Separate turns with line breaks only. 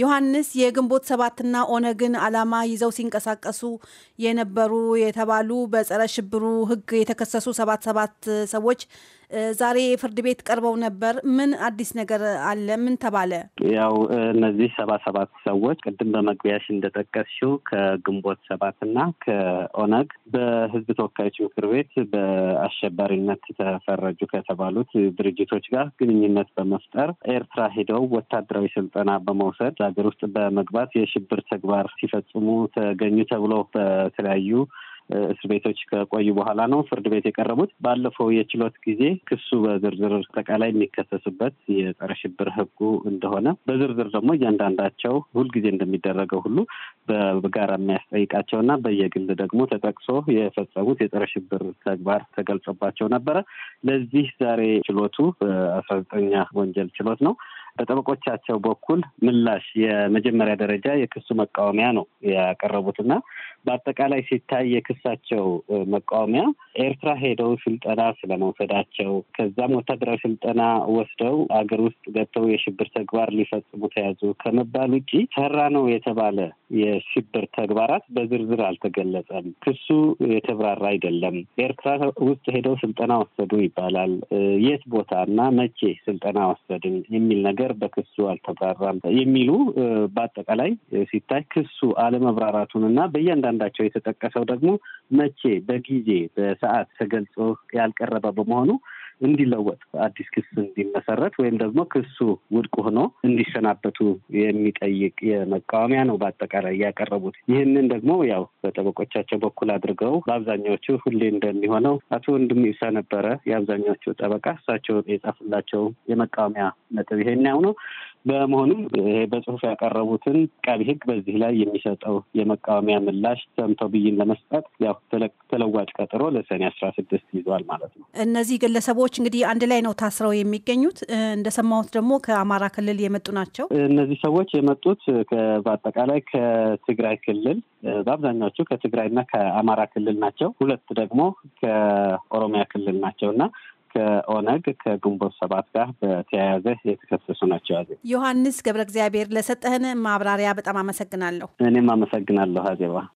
ዮሐንስ የግንቦት ሰባትና ኦነግን ዓላማ ይዘው ሲንቀሳቀሱ የነበሩ የተባሉ በጸረ ሽብሩ ሕግ የተከሰሱ ሰባት ሰባት ሰዎች ዛሬ ፍርድ ቤት ቀርበው ነበር። ምን አዲስ ነገር አለ? ምን ተባለ?
ያው እነዚህ ሰባ ሰባት ሰዎች ቅድም በመግቢያሽ እንደጠቀስሽው ከግንቦት ሰባትና ከኦነግ በህዝብ ተወካዮች ምክር ቤት በአሸባሪነት ተፈረጁ ከተባሉት ድርጅቶች ጋር ግንኙነት በመፍጠር ኤርትራ ሄደው ወታደራዊ ስልጠና በመውሰድ ሀገር ውስጥ በመግባት የሽብር ተግባር ሲፈጽሙ ተገኙ ተብሎ በተለያዩ እስር ቤቶች ከቆዩ በኋላ ነው ፍርድ ቤት የቀረቡት። ባለፈው የችሎት ጊዜ ክሱ በዝርዝር አጠቃላይ የሚከሰሱበት የጸረ ሽብር ሕጉ እንደሆነ በዝርዝር ደግሞ እያንዳንዳቸው ሁልጊዜ እንደሚደረገው ሁሉ በጋራ የሚያስጠይቃቸው እና በየግል ደግሞ ተጠቅሶ የፈጸሙት የጸረ ሽብር ተግባር ተገልጾባቸው ነበረ። ለዚህ ዛሬ ችሎቱ በአስራ ዘጠኛ ወንጀል ችሎት ነው በጠበቆቻቸው በኩል ምላሽ የመጀመሪያ ደረጃ የክሱ መቃወሚያ ነው ያቀረቡትና በአጠቃላይ ሲታይ የክሳቸው መቃወሚያ ኤርትራ ሄደው ስልጠና ስለመውሰዳቸው ከዛም ወታደራዊ ስልጠና ወስደው አገር ውስጥ ገብተው የሽብር ተግባር ሊፈጽሙ ተያዙ ከመባል ውጭ ሰራ ነው የተባለ የሽብር ተግባራት በዝርዝር አልተገለጸም። ክሱ የተብራራ አይደለም። ኤርትራ ውስጥ ሄደው ስልጠና ወሰዱ ይባላል። የት ቦታ እና መቼ ስልጠና ወሰድን የሚል ነገር ነገር በክሱ አልተብራራም የሚሉ በአጠቃላይ ሲታይ ክሱ አለመብራራቱን እና በእያንዳንዳቸው የተጠቀሰው ደግሞ መቼ፣ በጊዜ፣ በሰዓት ተገልጾ ያልቀረበ በመሆኑ እንዲለወጥ አዲስ ክስ እንዲመሰረት ወይም ደግሞ ክሱ ውድቅ ሆኖ እንዲሰናበቱ የሚጠይቅ የመቃወሚያ ነው በአጠቃላይ ያቀረቡት። ይህንን ደግሞ ያው በጠበቆቻቸው በኩል አድርገው በአብዛኛዎቹ ሁሌ እንደሚሆነው አቶ ወንድም ይብሳ ነበረ የአብዛኛዎቹ ጠበቃ እሳቸው የጻፉላቸው የመቃወሚያ ነጥብ ይሄን ያው ነው። በመሆኑም ይሄ በጽሁፍ ያቀረቡትን ቃቢ ህግ በዚህ ላይ የሚሰጠው የመቃወሚያ ምላሽ ሰምተው ብይን ለመስጠት ያው ተለዋጭ ቀጠሮ ለሰኔ አስራ ስድስት ይዟል ማለት ነው።
እነዚህ ግለሰቦች እንግዲህ አንድ ላይ ነው ታስረው የሚገኙት። እንደሰማሁት ደግሞ ከአማራ ክልል የመጡ ናቸው።
እነዚህ ሰዎች የመጡት በአጠቃላይ ከትግራይ ክልል በአብዛኛዎቹ ከትግራይና ከአማራ ክልል ናቸው። ሁለት ደግሞ ከኦሮሚያ ክልል ናቸው እና ከኦነግ ከግንቦት ሰባት ጋር በተያያዘ የተከሰሱ ናቸው። አዜብ
ዮሐንስ ገብረ እግዚአብሔር፣ ለሰጠህን ማብራሪያ በጣም አመሰግናለሁ።
እኔም አመሰግናለሁ አዜባ።